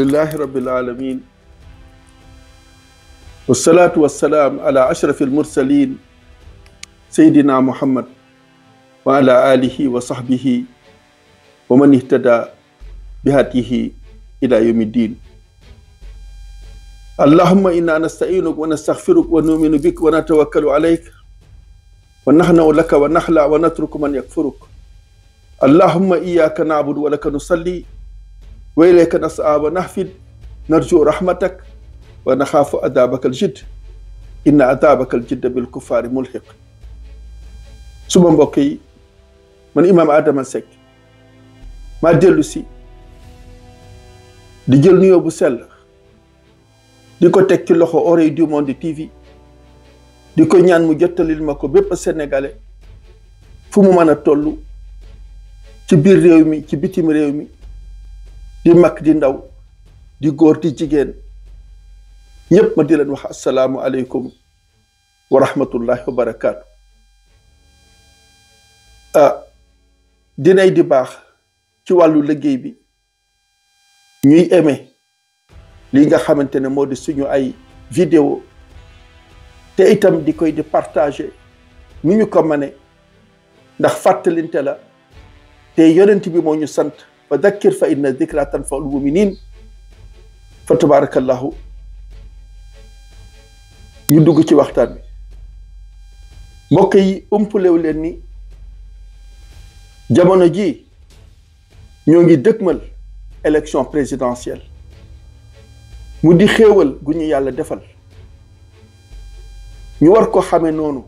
لله رب العالمين والصلاة والسلام على أشرف المرسلين سيدنا محمد وعلى آله وصحبه ومن اهتدى بهاته إلى يوم الدين اللهم إنا نستعينك ونستغفرك ونؤمن بك ونتوكل عليك ونحن لك ونخلع ونترك من يكفرك اللهم إياك نعبد ولك نصلي وإليك نسعى ونهفد نرجو رحمتك ونخاف عذابك الجد إن عذابك الجد بالكفار ملحق suma mbokk yi man imaam Adama Seck maa dellu di jël nuyoo bu sell di ko teg ci loxo Oreilles du Monde TV di ko ñaan mu jottalil ma ko bépp sénégalais fu mu mën a toll ci biir réew mi ci bitim réew mi di mag di ndaw di góor di jigéen ñëpp ma di leen wax asalaamu aleykum wa rahmatullahi wa barakaatu ah dinay di baax ci wàllu liggéey bi ñuy aimé li nga xamante ne moo di suñu ay vidéo te itam di koy di partager ni ñu ko mané ndax fàttalinte la te yonent bi moo ñu sant ba dakkir fa inna dikra tanfaul muminin fa tabarakallahu ñu dugg ci waxtaan bi mbokk yi umpalew leen ni jamono ji ñoo ngi dëkkmal élection présidentielle mu di xéewal gu ñu yàlla defal ñu war ko xame noonu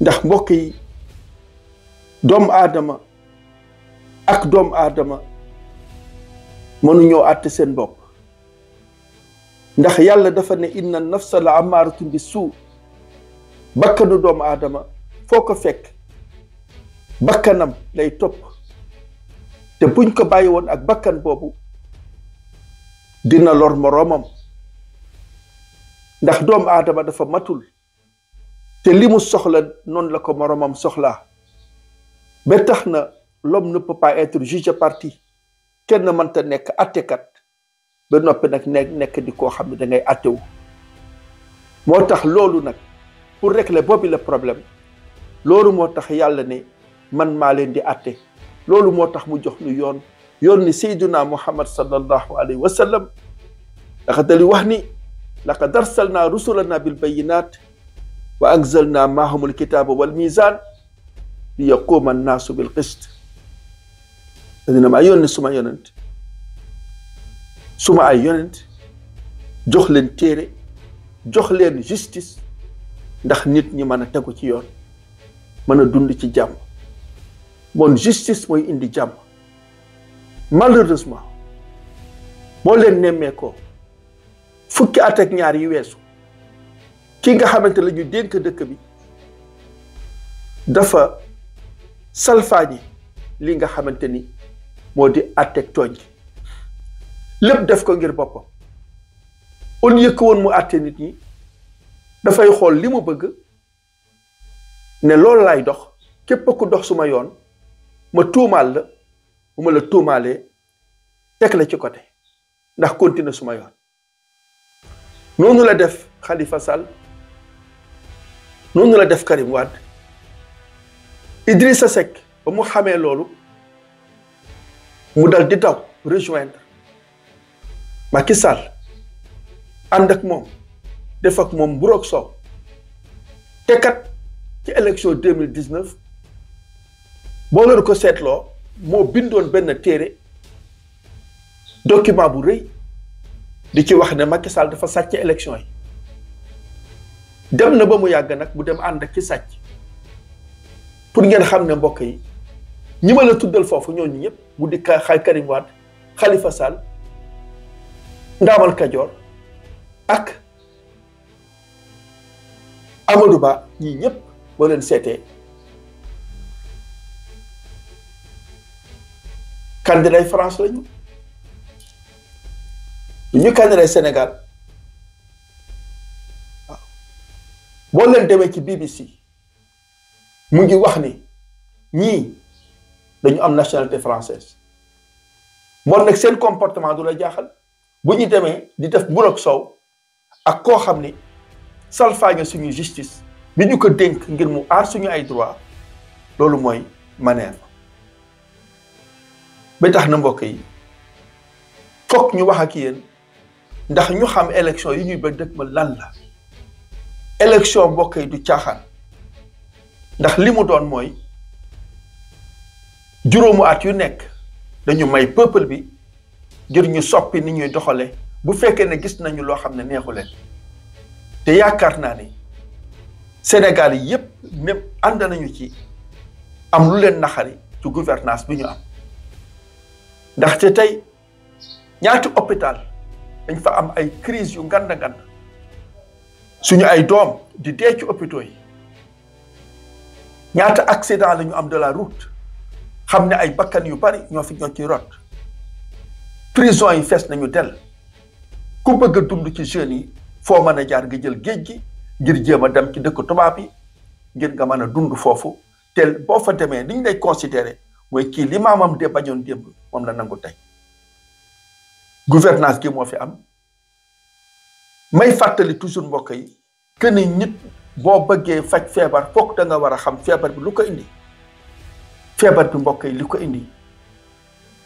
ndax mbokk yi doomu aadama ak doomu aadama mënuñoo àtte seen bopp ndax yàlla dafa ne inna nafsa la amaaratun bi suu bakkanu doomu aadama foo ko fekk bakkanam lay topp te buñ ko bàyyi woon ak bakkan boobu dina lor moroomam ndax doom aadama dafa matul te li mu soxla noonu la ko moroomam soxlaa ba tax na l'homme ne peut pas être juge partie kenn manta nekk attekat ba noppi nag ne nekk di koo xam ne da ngay moo tax loolu nag pour régler boobu la problème loolu moo tax yàlla ne man maa leen di atte loolu moo tax mu jox nu yoon yoon ni sayduna muhammad sallallahu alayhi wa sallam daxa dali wax ni laqad arsalna rusulana bil bayinat wa anzalna maahum alkitaba wal mizan li yaquma annaasu bil qist dina maa yónni suma yonent suma ay yonent jox leen téere jox leen justice ndax nit ñi mën a tegu ci yoon mën a dund ci jàmm bon justice mooy indi jàmm malheureusement boo leen nemmeekoo fukki at ak ñaar yi weesu ki nga xamante la ñu dénk dëkk bi dafa salfaañi li nga xamante ni moo di àtteeg tooñ gi lépp def ko ngir boppam on yëkk woon mu àtte nit ñi dafay xool li mu bëgg ne loolu laay dox képp ku dox suma yoon ma tuumaal la bu ma la tuumaalee teg la ci côté ndax continuer suma yoon noonu la def Khalifa Sall noonu la def Karim Wade sa Seck ba mu xamee loolu mu dal di daw rejoindre Macky Sall ànd ak moom def ak moom mburoog soow ci élection deux mille dix neuf boo leen ko seetloo moo bindoon benn téere document bu rëy di ci wax ne Macky Sall dafa sàcc élection yi dem na ba mu yàgg nag mu dem ànd ak ci sàcc pour ngeen xam ne mbokk yi ñi ma la tuddal foofu ñooñu ñëpp bu di xay Karim Wade Khalifa Sall Kajoor ak amaduba ñii ñëpp boo leen seetee candidat France lañu du ñu candidat Sénégal boo leen demee ci BBC mu ngi wax ni ñii dañu am nationalité française bon nag seen comportement du la jaaxal bu ñu demee di def burok sow ak koo xam ni salfaañe suñu justice bi ñu ko dénk ngir mu aar suñu ay droit loolu mooy manœuvre ba tax na mbokk yi fokk ñu wax ak yéen ndax ñu xam élection yi ñuy ba dëkk ma lan la élection mbokk yi du caaxaan ndax li mu doon mooy juróomu at yu nekk dañu may peuple bi ngir ñu soppi ni ñuy doxale bu fekkee ne gis nañu loo xam ne neexu leen te yaakaar naa ni Sénégal yi yépp même ànd nañu ci am lu leen naxari ci gouvernance bi ñu am ndaxte tey ñaati hôpital dañ fa am ay crise yu nganda nganda suñu ay doom di dee ci hôpitaux yi ñaata accident lañu am de la route xam ne ay bakkan yu bari ñoo fi ñoo ci rot prison yi fees nañu del ku bëgg a dund ci jeunes yi foo mën a jaar nga jël géej gi ngir jéem a dem ci dëkk tubaab yi ngir nga mën a dund foofu te boo fa demee li ñu lay considéré mooy kii li maamam de bañoon démb moom la nangu tey gouvernance gi moo fi am may fàttali toujours mbokk yi que ni nit boo bëggee faj feebar fokk da nga war a xam feebar bi lu ko indi feebar bi mbokk yi li ko indi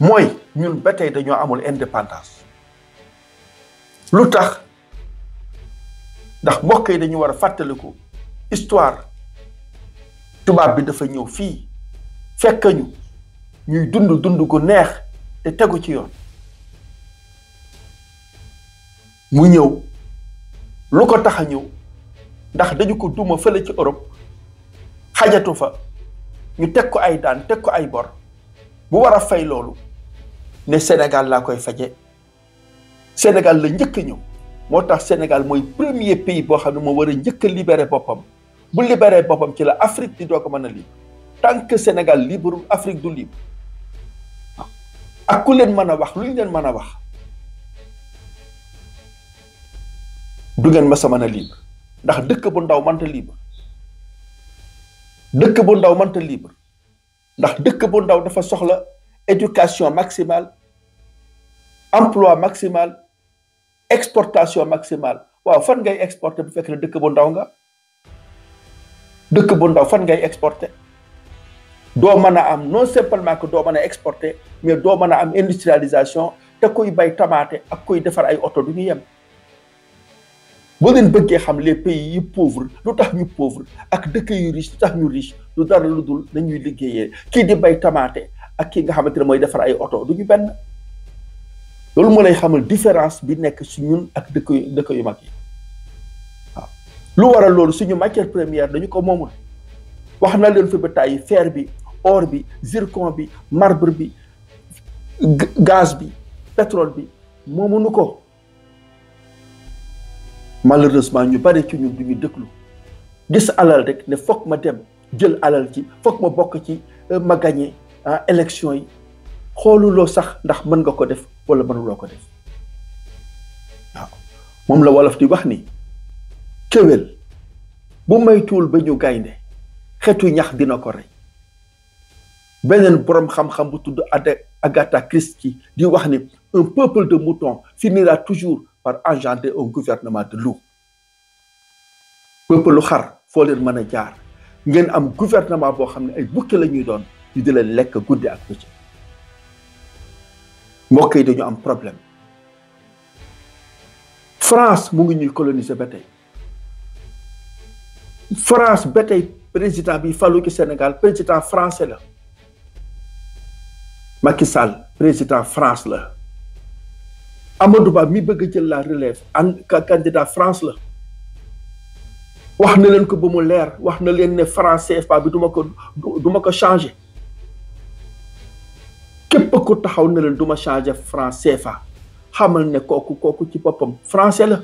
mooy ñun ba tey dañoo amul indépendance lu tax ndax mbokk yi dañu war a fàttaliku histoire tubaab bi dafa ñëw fii fekk ñu ñuy dund dund gu neex te tegu ci yoon mu ñëw lu ko tax a ñëw ndax dañu ko duma fële ci Europe xajatu fa ñu teg ko ay daan teg ko ay bor bu war a fay loolu ne Sénégal laa koy faje Sénégal la njëkk ñëw moo tax Sénégal mooy premier pays boo xam ne moo war a njëkk a libéré boppam bu libéré boppam ci la Afrique di doo ko mën a libre tant que Sénégal libre Afrique du libre ak ku leen mën a wax lu ñu leen mën a wax du ngeen mës sa mën a libre ndax dëkk bu ndaw mënta libre dëkk bu ndaw mënta libre ndax dëkk bu ndaw dafa soxla éducation maximale emploi maximal exportation maximale waaw fan ngay exporter bu fekk ne dëkk bu ndaw nga dëkk bu ndaw fan ngay exporter doo mën a am non simplement que doo mën a exporter mais doo mën a am industrialisation te kuy bay tamaate ak kuy defar ay oto du ñu yem boo leen bëggee xam les pays yi pauvre lu tax ñu pauvre ak dëkk yu riche lu tax ñu riche lu dara lu dul nañuy liggéeyee kii di bay tamaate ak kii nga xamante ne mooy defar ay oto du ñu benn loolu moo lay xamul différence bi nekk si ñun ak dëkk yu dëkk yu mag yi waaw lu waral loolu suñu matière première dañu ko moomul wax na leen fi ba tàyyi bi or bi zircon bi marbre bi gaz bi pétrole bi moomuñu ko. malheureusement ñu bari ci ñun duñu gis alal ne ma dem jël alal ci foog ma bokk ci euh, ma gagné ah, élection yi xooluloo sax ndax mën def wala def la wolof di wax ni nous bu maytuwul ba ñu gaynde xetu ñax dina ko xam-xam bu di wax ni un peuple de moutons finira toujours par engendrer un gouvernement de loup peuple lu xar foo leen mën a jaar ngeen am gouvernement boo xam ne ay bukki la ñuy doon ñu di leen lekk guddi ak bëccëg mbokk yi dañu am problème France mu ngi ñuy coloniser ba tey France ba tey président bi falu ci Sénégal président français la Macky Sall président France la Amadou Ba mi bëgg jël la relève an candidat France la wax na leen ko ba mu leer wax na leen ne France fa bi duma ko du ko changé képp ku taxaw na leen du ma changé France fa xamal ne kooku kooku ci boppam français la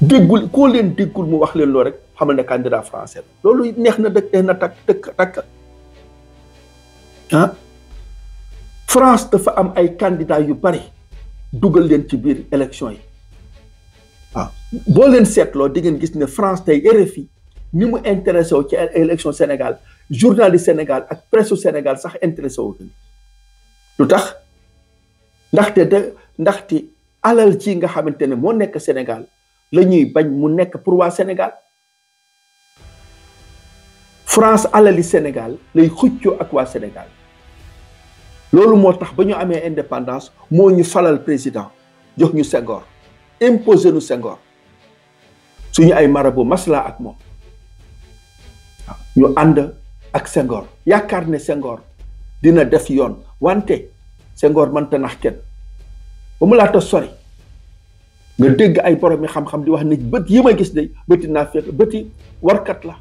déggul koo leen déggul mu wax leen loo rek xamal ne candidat français la loolu neex na dëkk na takk dëkk takk ah France dafa am ay candidats yu bari dugal leen ci biir élection yi waaw ah, boo leen seetloo di ngeen gis ne France tey RFI ni mu intéressé wu ci élection Sénégal journaliste Sénégal ak pressu Sénégal sax intéressé wu lu tax ndaxte de ndaxti alal ci nga xamante ne moo nekk Sénégal lañuy bañ mu nekk pour waa Sénégal France alali Sénégal lay xuccoo ak waa Sénégal. loolu moo tax ba ñu amee indépendance moo ñu falal président jox ñu Senghor imposé nu Senghor suñu ay marabu masla ak moom ñu ànd ak Senghor yaakaar ne Senghor dina def yoon wante sengoor mante nax kenn ba mu laata sori nga dégg ay borom yi xam-xam di wax ne bët yi ma gis de bëti naa fekk bëti warkat la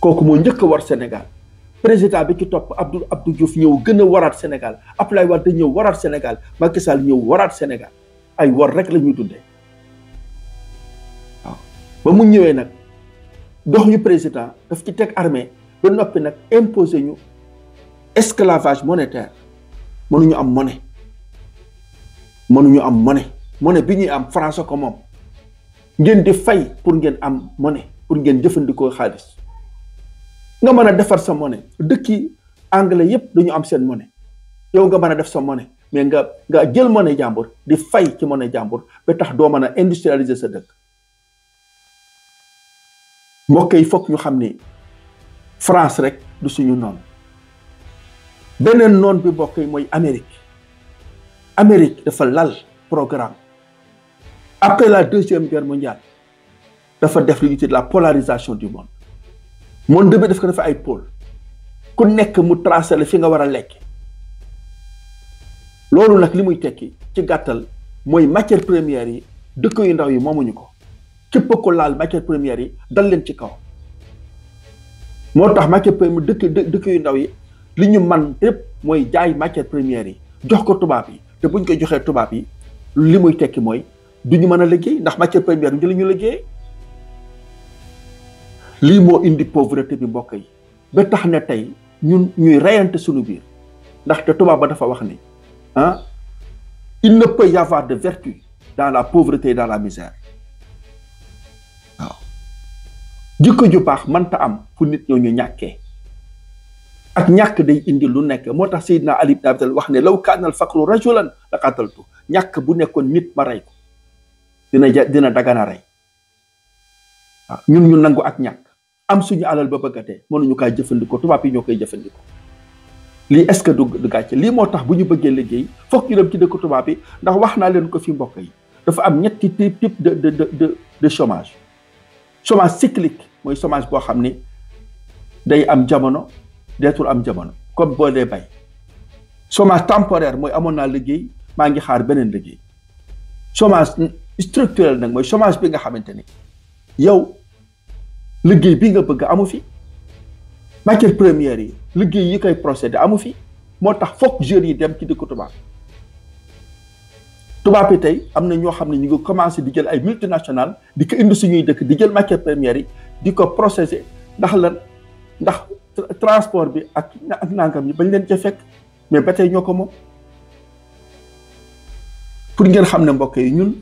kooku moo njëkk war senegal président bi ci top Abdou Abdou Diouf ñëw gëna warat Sénégal Abdoulaye Wade ñëw warat Sénégal Macky Sall ñëw warat Sénégal ay war rek lañu ñuy ba mu ñëwé nak dox ñu président daf ci tek armée ba nopi nak imposé ñu esclavage monétaire ñu am monnaie ñu am monnaie monnaie bi ñuy am français ko mom ngeen di fay pour ngeen am monnaie pour ngeen jëfëndiko xaaliss nga mën a defar sa monnaie dëkk yi anglais yëpp du ñu am seen monnaie yow nga mën a def sa monnaie mais nga nga jël monnaie jàmbur di fay ci monnaie jàmbur ba tax doo mën a industrialiser sa dëkk mbokk yi foog ñu xam ni France rek du suñu noonu beneen noon bi mbokk yi mooy Amérique Amérique dafa lal programme après la deuxième guerre mondiale dafa def lu ñu la polarisation du monde monde bi daf ko dafa ay pôle ku nekk mu tracé la fi nga war a lekk loolu nag li muy tekki ci gàttal mooy matière première yi dëkk yu ndaw yi moomuñu ko képp ko laal matière première yi dal leen ci kaw moo tax matière première dëkk dëkk yu ndaw yi li ñu man yépp mooy jaay matière première yi jox ko tubaab yi te buñ koy joxee tubaab yi li muy tekki mooy du ñu mën a liggéey ndax matière première du ñu la ñu liggéey limo mo indi pauvreté bi mbokk yi ba tax na tey ñun ñuy reyante suñu biir te tubaab ba dafa wax ni ah il ne peut y avoir de vertu dans la pauvreté et dans la misère waaw jikko ju man ta am fu nit ñoo ñu ak ñak day indi lu nekk motax tax ali ibn abdul wax ne law kana al faqru rajulan la qataltu ñàkk bu nekkon nit ma ray ko dina dina dagana ray ñun ñu nangu ak ñak am suñu alal ba bëgg a dee mënuñu kaa jëfandikoo tubaab yi ñoo koy jëfandikoo lii est-ce que du du gàcce lii moo tax bu ñu bëggee liggéey foog ñu dem ci dëkk tubaab yi ndax wax naa leen ko fi mbokk yi dafa am ñetti type type de de de de chômage cyclique mooy chômage boo xam ni day am jamono deetul am jamono comme boo dee bay chômage temporaire mooy amoon naa liggéey maa ngi xaar beneen liggéey chômage structurel nag mooy chômage bi nga xamante ni yow liggéey bi nga bëgg amu fi matière première yi liggéey yi koy procédé amu fi moo tax foog jeunes yi dem ci dëkku tubaab tubaab bi tey am na ñoo xam ne ñu ngi commencé di jël ay multinationales di ko indi suñuy dëkk di jël matière première yi di ko procédé ndax lan ndax transport bi ak ak nangam yi bañ leen ca fekk mais ba tey ñoo ko moom pour ngeen xam ne mbokk yi ñun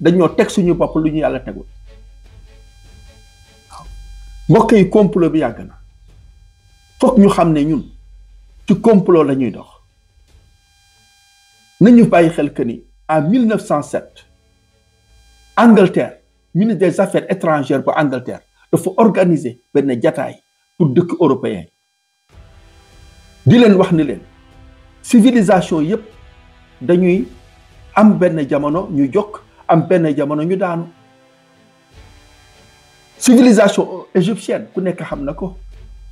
dañoo teg suñu bopp lu ñu yàlla tegul. mbokk yi complot bi yàgg na foog ñu xam ne ñun ci complot lañuy dox nañu bàyyi xel que ni en 1907 Angleterre ministre des affaires étrangères bu Angleterre dafa organiser benn jataay pour dëkk européen di leen wax ni leen civilisation yépp dañuy am benn jamono ñu jokk am benn jamono ñu daanu. civilisation égyptienne ku nekk xam na ko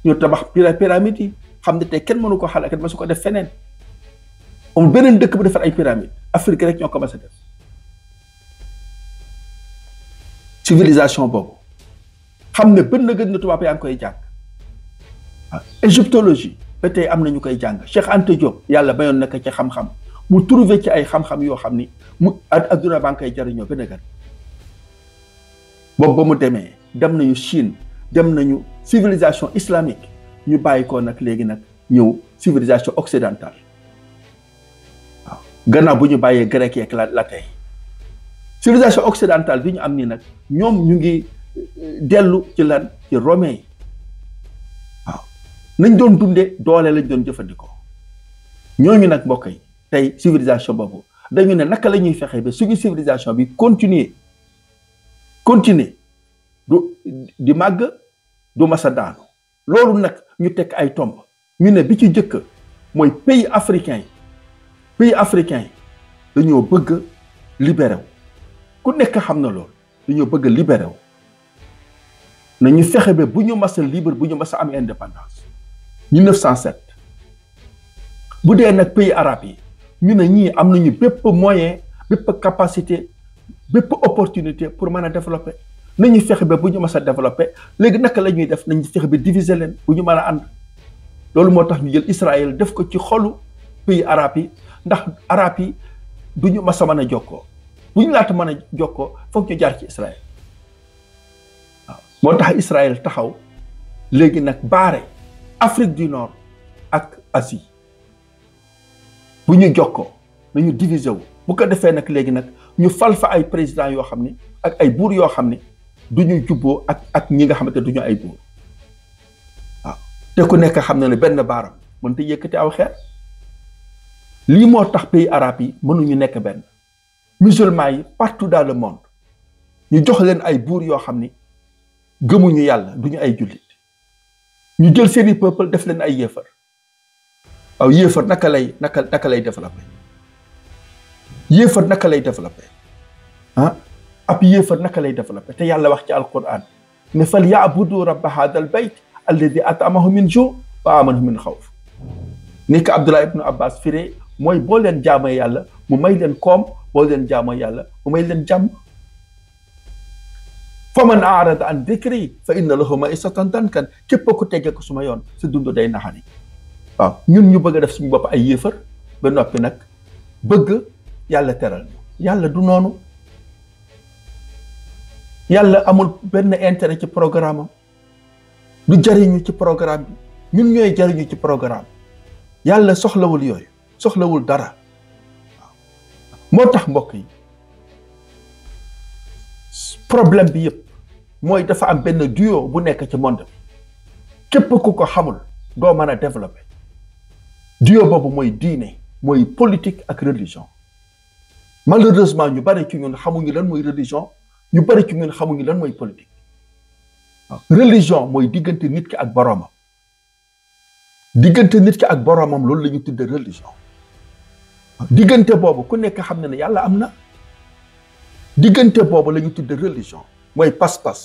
ñu tabax pyramide yi xam ne te kenn mënu ko xalaat kenn mësu ko def feneen amul beneen dëkk bu defar ay pyramide Afrique rek ñoo ko mas a def civilisation boobu xam ne bën na gën na tubaab yaa ngi koy jàng ah égyptologie ba tey am na ñu koy jàng Cheikh Anta Diop yàlla bayoon na ko ci xam-xam mu trouvé ci ay xam-xam yoo xam ni mu adduna baa ngi koy jariñoo gën a gën boobu ba mu demee. dem nañu Chine dem nañu civilisation islamique ñu bàyyi ko nag léegi nag ñëw civilisation occidentale gannaaw bu ñu bàyyee grec yeeg latin civilisation occidentale bi ñu am nii nag ñoom ñu ngi euh, dellu ci lan ci romain yi waaw nañ doon dundee doole lañ doon jëfandikoo ñooñu nag mbokk yi tey civilisation boobu dañu ne naka la ñuy fexe ba suñu civilisation bi continuer continuer di màgg du masa daanu loolu nag ñu tekk ay tomb ñu ne bi ci jëkk mooy pays africain yi pays africain yi dañoo bëgg libéré wu ku nekk xam na loolu dañoo bëgg libéré nañu fexe ba bu ñu masa libre bu ñu masa am indépendance 1907 bu dee nag pays arab yi ñu ne ñii am nañu bépp moyen bépp capacité bépp opportunité pour mën a développer nañu fexe ba bu ñu mës a développé léegi naka la ñuy def nañu fexe ba diviser leen bu ñu mën a ànd loolu moo tax ñu jël Israël def ko ci xolu pays araab yi ndax araab yi du ñu mës a mën a jokkoo bu ñu laata mën a jokkoo foog ñu jaar ci Israël moo tax Israël taxaw léegi nag baare Afrique du Nord ak Asie bu ñu jokkoo nañu diviser wu bu ko defee nag léegi nag ñu fal fa ay président yoo xam ni ak ay buur yoo xam ni du ñu jubboo ak ak ñi nga xamante du ñu ay buur waaw te ku nekk xam na ne benn baaram mënta yëkkati aw xeer lii moo tax pays arabe yi mënuñu nekk benn musulman yi partout dans le monde ñu jox leen ay buur yoo xam ni gëmuñu yàlla du ñu ay jullit ñu jël seeni peuple def leen ay yéefar aw yéefar naka lay naka naka lay développé yéefar naka lay développé ah ab yéefar naka lay développé te yàlla wax ci alquran ne fal yaabudu rabba hada al bayt alladi atamahu min ju wa amanahu min xawf ni ko Abdullah ibnu Abbas firee mooy boo leen jaamoo yàlla mu may leen koom boo leen jaamoo yàlla mu may leen jàmm fa man aarada an dikri fa inna lahu maisatan dankan képp ku teggee ko suma yoon si dund day naxani waaw ñun ñu bëgg a def suñu bopp ay yéefar ba noppi nag bëgg yàlla teral ñu yàlla du noonu yàlla amul benn intérêt ci programme du jariñu ci programme bi ñun ñooy jariñu ci programme yàlla soxlawul yooyu soxlawul dara moo tax mbokk yi problème bi yëpp mooy dafa am benn duo bu nekk ci monde képp ku ko xamul doo mën a développer duo boobu mooy diine mooy politique ak religion malheureusement ñu bari ci ñun xamuñu lan mooy religion ñu bari ci ñun xamuñu lan mooy politique religion mooy diggante nit ki ak boromam diggante nit ki ak boromam loolu la ñu tudde religion diggante boobu ku nekk xam na ne yàlla am na diggante boobu la ñu tudde religion mooy pas-pas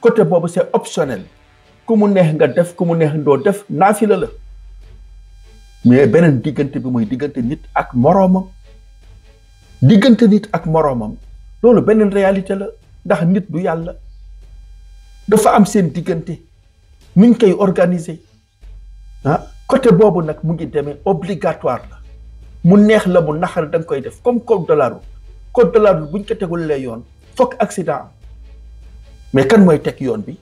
côté boobu c'est optionnel ku mu neex nga def ku mu neex doo def naafila la mais beneen diggante bi mooy diggante nit ak moroomam diggante nit ak moroomam loolu beneen réalité la ndax nit du yàlla dafa am seen diggante nuñ koy organiser ah côté boobu nag mu ngi demee obligatoire la mu neex la mu naxar da koy def comme code de la route code de la route buñ ko tegul lay yoon fokk accident am mais kan mooy teg yoon bi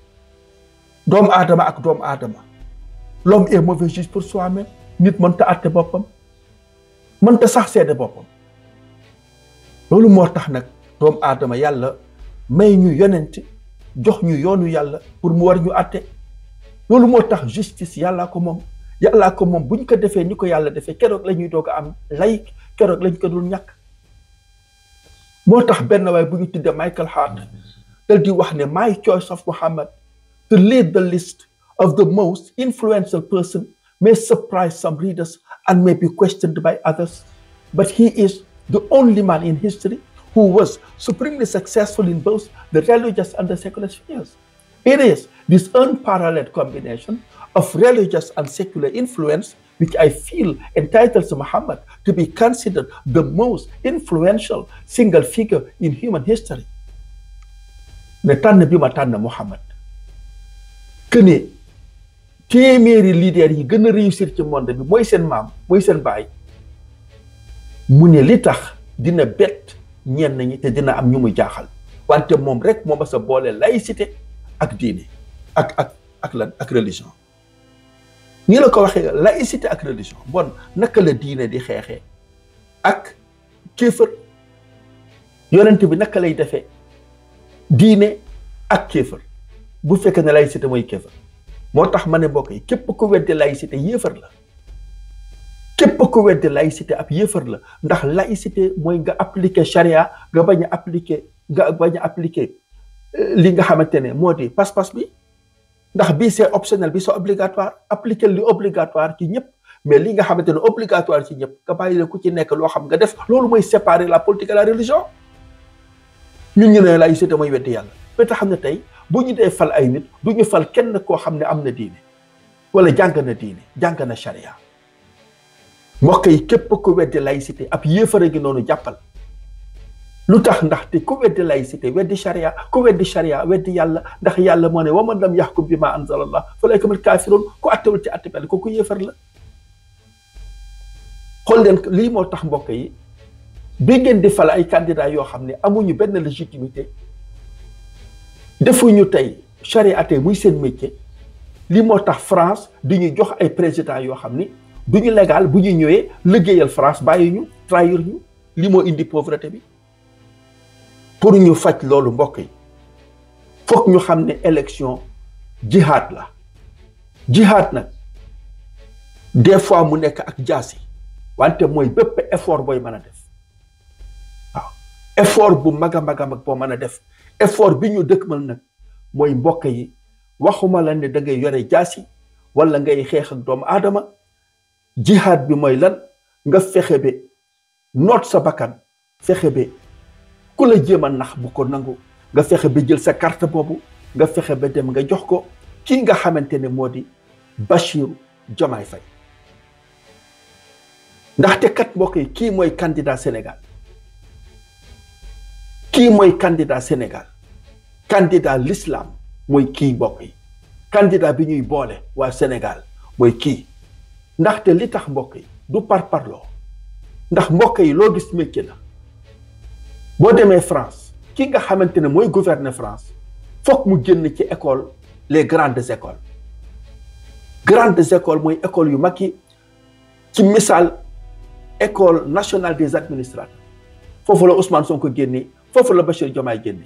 doomu aadama ak doomu aadama l'homme est mauvais juge pour soi-même nit mënta àtte boppam mënta sax seede boppam loolu moo tax nag From aadama yàlla may ñu yonent jox ñu yoonu yàlla pour mu war ñu àtte loolu moo tax justice yalla ko moom yàllaa ko moom bu ko defee ni ko yàlla defee keroog la ñuy doog a am lay keroog lañ ko dul ñàkk moo tax benn waay bu ñu Michael Hart dal di wax ne my choice of Muhammad to lead the list of the most influential person may surprise some readers and may be questioned by others but he is the only man in history who was supremely successful in both the religious and the secular spheres. It is this unparalleled combination of religious and secular influence which I feel entitles Muhammad to be considered the most influential single figure in human history. Natannabi Matanna Muhammad que ne téeméeri yi gën réussir ci monde bi mooy seen maam mooy seen baay mu ne dina ñenn ñi te dina am ñu muy jaaxal wante moom rek moo sa a boole laïcité ak diine ak ak ak lan ak religion ni la ko waxee laïcité ak religion bon naka la diine di xeexee ak kéefër yonent bi naka lay defee diine ak kéefër bu fekkee ne laïcité mooy kéefër moo tax ma ne mbokk yi képp ku weddi laïcité yéefar la képp ko weddi laïcité ab yëfar la ndax laïcité mooy nga appliquer charia nga bañ a appliquer nga bañ a euh, li nga xamante ne moo di passe-passe bi ndax bii c'est optionnel bi c'est obligatoire appliquer li obligatoire ci ñëpp mais li nga xamante ne obligatoire ci ñëpp nga bàyyi la ku ci nekk loo xam nga def loolu mooy séparer la politique et la religion ñun ñu ne laïcité mooy weddi yàlla ba xam na tey bu ñu dee fal ay nit du ñu fal kenn koo xam ne am na diine wala jàng na diine jàng na charia mbokk yi képp ku weddi laïcité ab yéefare gi noonu jàppal lu tax ndaxte ku weddi laïcité weddi charia ku weddi charia weddi yàlla ndax yàlla moo ne wa man lam yaxkum bi ma anzalallah fa layka mal kaafiroon ku attewul ci atte benn kooku yéefar la xool leen lii moo tax mbokk yi bi ngeen di fal ay candidat yoo xam ne amuñu benn légitimité defuñu tey charia tey muy seen métier lii moo tax France di ñu jox ay président yoo xam ni du ñu légal bu ñu ñëwee liggéeyal France bàyyi ñu trahir ñu li moo indi pauvreté bi pour ñu faj loolu mbokk yi foog ñu xam ne élection jihad la jihad nag des fois mu nekk ak jaasi wante mooy bépp effort booy mën a def waaw effort bu mag a mag a mag boo mën a def effort bi ñu dëkk mal nag mooy mbokk yi waxuma la ne da ngay yore jaasi wala ngay xeex doomu aadama jihaad bi mooy lan nga fexe noot sa bakkan fexe ba ku la jéem a nax bu ko nangu nga fexe ba jël sa carte boobu nga fexe ba dem nga jox ko kii nga xamante ne moo di Bassirou Diomaye fay ndaxte kat mbokk yi kii mooy candidat Sénégal kii mooy candidat Sénégal candidat l'islam mooy kii mbokk yi candidat bi ñuy boole waa Sénégal mooy kii ndaxte li tax mbokk yi du par parloo ndax mbokk yi loo gis métier la boo demee France ki nga xamante ne mooy gouverner France foog mu génn ci école les grandes écoles grandes écoles mooy école yu mag yi ci missal école nationale des administrateurs foofu la Ousmane ko génne foofu la Bachir Diomaye génne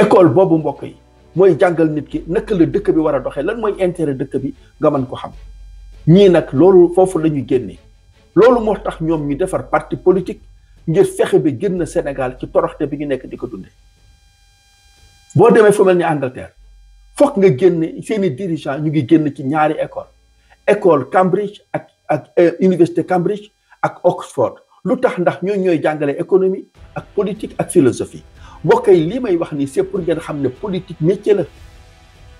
école boobu mbokk yi mooy jàngal nit ki naka la dëkk bi war a doxee lan mooy intérêt dëkk bi nga mën ko xam. ñii nag loolu foofu la ñu génnee loolu moo tax ñoom ñu defar parti politique ngir fexe bi génn Sénégal ci toroxte bi ñu nekk di ko dundee boo demee fu mel ni Angleterre foog nga génne seeni dirigeant ñu ngi génn ci ñaari école école Cambridge ak ak euh, université Cambridge ak Oxford lu tax ndax ñoo ñooy jàngale économie ak politique ak philosophie mbokk yi lii may wax nii c'est pour ngeen xam ne politique métier la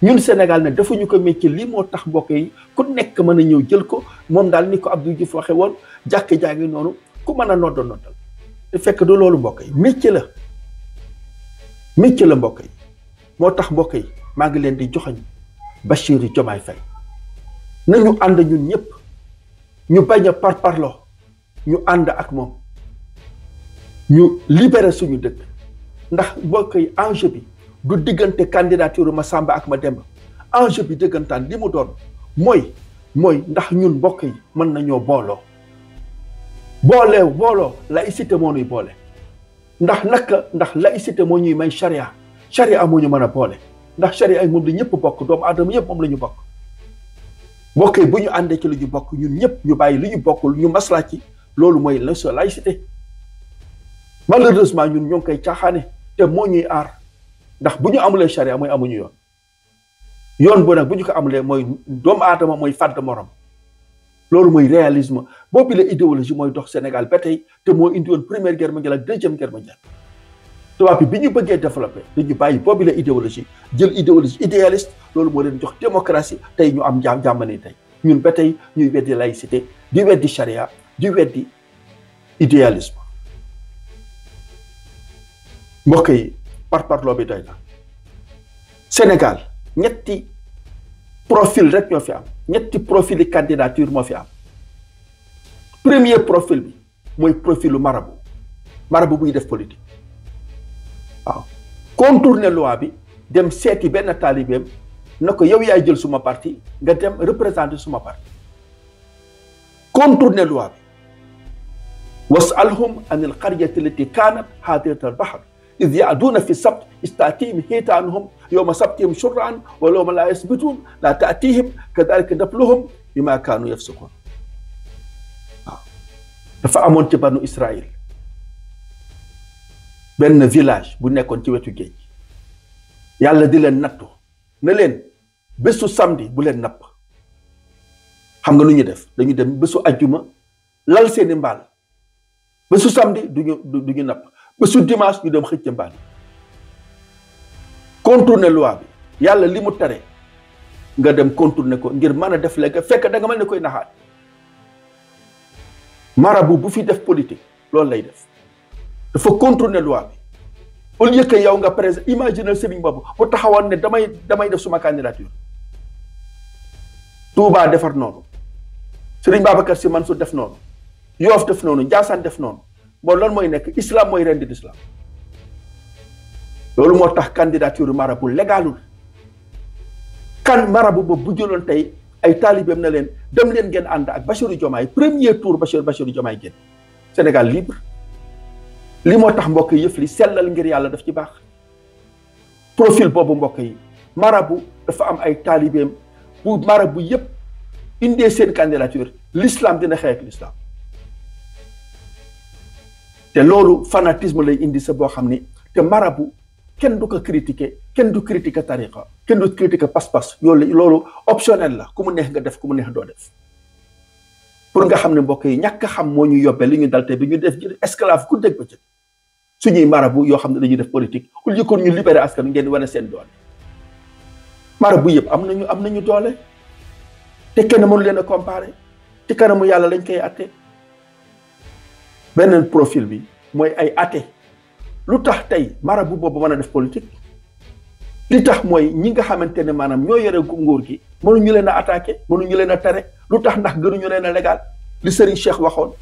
ñun Sénégal ne defuñu ko métier lii moo tax mbokk yi ku nekk mën a ñëw jël ko moom daal ni ko Abdou Diouf waxe woon jàkk jaa ngi noonu ku mën a nodd noddal te fekk du loolu mbokk yi métier la métier la mbokk yi moo tax mbokk yi maa ngi leen di joxañ Bassirou Diomaye Faye nañu ànd ñun ñëpp ñu bañ a parparloo ñu ànd ak moom ñu libéré suñu dëkk ndax mbokk yi enjeu bi du diggante ma Massamba ak ma Mademba enjeu bi dëggantaan li mu doon mooy mooy ndax ñun mbokk yi mën nañoo booloo booleew booloo laïcité moo nuy boole ndax naka ndax laïcité moo ñuy may charia charia moo ñu mën a boole ndax charia moom la ñëpp bokk doomu aadama yëpp moom la ñu bokk mbokk yi bu ñu àndee ci lañu bokk ñun ñëpp ñu bàyyi lu ñu bokkul ñu maslaa ci loolu mooy la laïcité malheureusement ñun ñoo ngi koy caaxaane te moo ñuy aar ndax bu ñu amulee charia mooy amuñu yoon yoon boo nag bu ñu ko amulee mooy doomu aadama mooy fàdd morom loolu mooy réalisme boobu la idéologie mooy dox Sénégal ba tey te moo indi woon première guerre mondiale ak deuxième guerre mondiale tubaab bi bi ñu bëggee développé dañu bàyyi boobu la idéologie jël idéologie idéaliste loolu moo leen jox démocratie tey ñu am jaam jàmmani tey ñun ba tey ñuy weddi laïcité di weddi charia di weddi idéalisme mbokk yi par parloo bi day na Sénégal ñetti profil rek ñoo fi am ñetti profil yi candidature moo fi am premier profil bi mooy profilu marabu marabu buy def politique waaw contourner loi bi dem seeti benn taalibeem na ko yow yaay jël suma parti nga dem représenter suma parti contourner loi bi was'alhum anil qaryati allati kaanat haadirat al bahr إذ يعدون في السبت استعتيم هيت عنهم يوم سبتهم شرعا ويوم لا يثبتون لا تأتيهم كذلك دبلهم بما كانوا يفسقون آه. فأمون تبنو إسرائيل بين فيلاج بنا كنت وتجي يالا دي لن نتو نلين بسو سامدي بلن نب xam nga nu ñu def dañu dem bésu ajjuma lal seeni دو bésu samedi du ñu du ñu napp ba su dimanche ñu dem xëcc mbaal contourner loi bi yàlla li mu tere nga dem contourner ko ngir mën a def lekk fekk da nga mel ne koy naxaat mara bu bu fi def politique loolu lay def dafa contourner loi bi au lieu yow nga présent imaginer sëriñ boobu bu taxawoon ne damay damay def suma candidature Touba defar noonu sëriñ Babacar man su def noonu Yoff def noonu Ndiassane def noonu bon loolu mooy nekk islam mooy rendi l'islam loolu moo tax candidature marabu légalul kan marabu boobu bu jëloon tey ay taalibeem na leen dem leen ngeen ànd ak Bassirou Diomaye premier tour Bassirou Bassirou Diomaye génn Sénégal libre li moo tax mbokk yi yëf li sellal ngir yàlla def ci baax profil boobu mbokk yi marabu dafa am ay taalibeem bu marabu yëpp indee seen candidature l'islam dina xeex l'islam te loolu fanatisme lay indi sa boo xam ni te mara bu kenn du ko critiquer kenn du critiquer tariqa kenn du critiquer pas-pas yoolu loolu optionnel la ku mu neex nga def ku mu neex doo def pour nga xam ne mbokk yi ñàkk xam moo ñu yóbbee li ñu dalte bu ñu def esclave ku dégg ba ñuy mara bu yoo xam ne dañuy def politique ul jëkkoon ñu libéré askan ngeen wane seen doole bu yëpp am nañu am nañu doole te kenn mënu leen a comparé ci kanamu yàlla lañ koy atte beneen profil bi mooy ay athée lu tax tey marabu boobu mën a def politique li tax mooy ñi nga xamante ne maanaam ñoo yore nguur gi ñu leen a attaqué ñu leen a tere lu tax gënu gënuñu leen a legal li Serigne Cheikh waxoon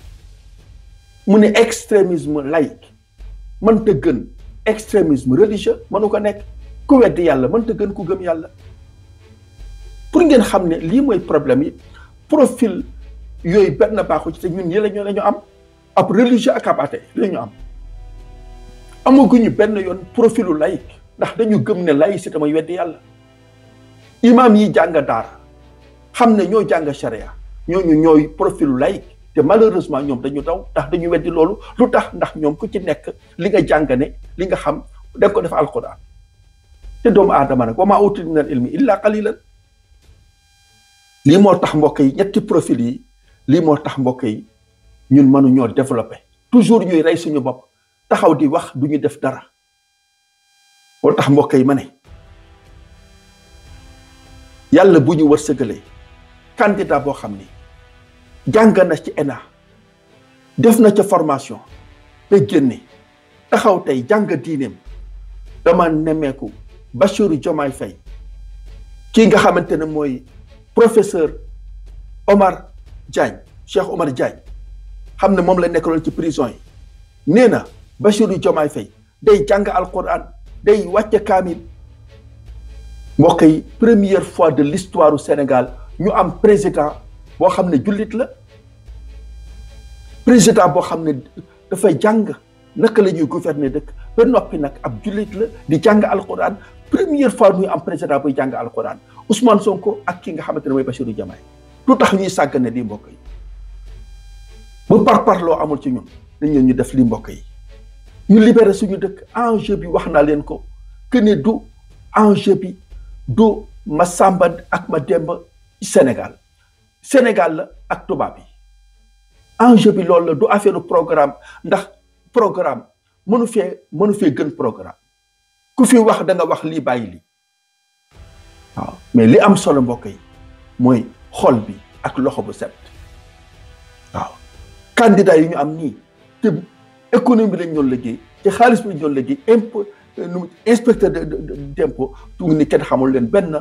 mu ne extrémisme laïque mënta gën extrémisme religieux mënu ko nekk ku weddi yàlla mënta gën ku gëm yàlla pour ngeen xam ne lii mooy problème yi profil yooyu na baaxu ci te ñun yële ñoo la ñu am ab religieux ak ab athée la ñu am amaguñu benn yoon profilu laïque ndax dañu gëm ne laïcité mooy weddi yàlla imaam yi jàng daara xam ne ñoo jàng charia ñooñu ñooy profilu laïque te malheureusement ñoom dañu daw ndax dañu weddi loolu lu tax ndax ñoom ku ci nekk li nga jàng ne li nga xam da ko def alquran te doomu aadama nag wa maa utiitum minal ilmi illaa lii moo tax mbokk yi ñetti profil yi lii moo tax mbokk yi ñun mënuñoo développé toujours ñuy rey suñu bopp taxaw di wax du def dara moo tax mbokk yi ma ne yàlla bu ñu wërsëgalee candidat boo xam ni jàng na ci ENA def na ca formation te génne taxaw tey jàng diineem dama nemmeeku Bassirou Diomaye Faye kii nga xamante ne mooy professeur Omar jaañ Cheikh Omar jaañ xam ne moom la nekkaloon ci prison yi nee na Bassirou Diomaye Faye day jàng alquran day wàcce kaamil mbokk yi première fois de l'histoire du Sénégal ñu am président boo xam ne jullit la président boo xam ne dafay jàng naka la ñuy gouverner dëkk ba noppi nag ab jullit la di jàng alquran première fois ñuy am président buy jàng alquran Ousmane Sonko ak kii nga xamante ne mooy Bassirou Diomaye lu tax ñuy sàggane lii mbokk yi bu par par loo amul ci ñun dañ ñu def li mbokk yi ñu libéré suñu dëkk enjeu bi wax naa leen ko que ne du enjeu bi du ma sàmba ak ma demba Sénégal Sénégal la ak tubaab yi enjeu bi loolu la du affaire programme ndax programme mënu fee mënu fee gën programme ku fi wax da nga wax lii bàyyi lii mais li am solo mbokk yi mooy xool bi ak loxo bu set candidat yi ñu am nii te économie bi lañ doon liggéey te xaalis bi lañ doon liggéey impôt euh, inspecteur de tu tuuti ni kenn xamul leen benn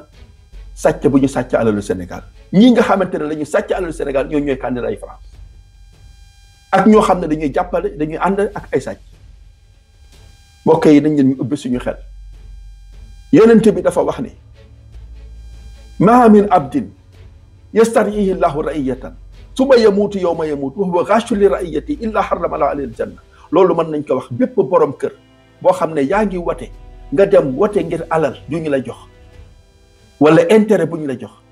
sàcc bu ñu sàcc lu Sénégal ñii nga xamante ne la ñu sàcc alalu Sénégal ñoo ñooy candidat yi France ak ñoo xam ne dañuy jàppale dañuy ànd ak ay sàcc mbokk yi dañ leen ñu ubbi suñu xel yonent bi dafa wax ni ma min abdin yastarihi llahu raiyatan suma yamuutu yow ma yamuutu wa huwa gaashu li raiyati illa harrama la alil janna loolu mën nañ ko wax bépp borom kër boo xam ne yaa ngi wate nga dem wate ngir alal ju ñu la jox wala intérêt bu ñu la jox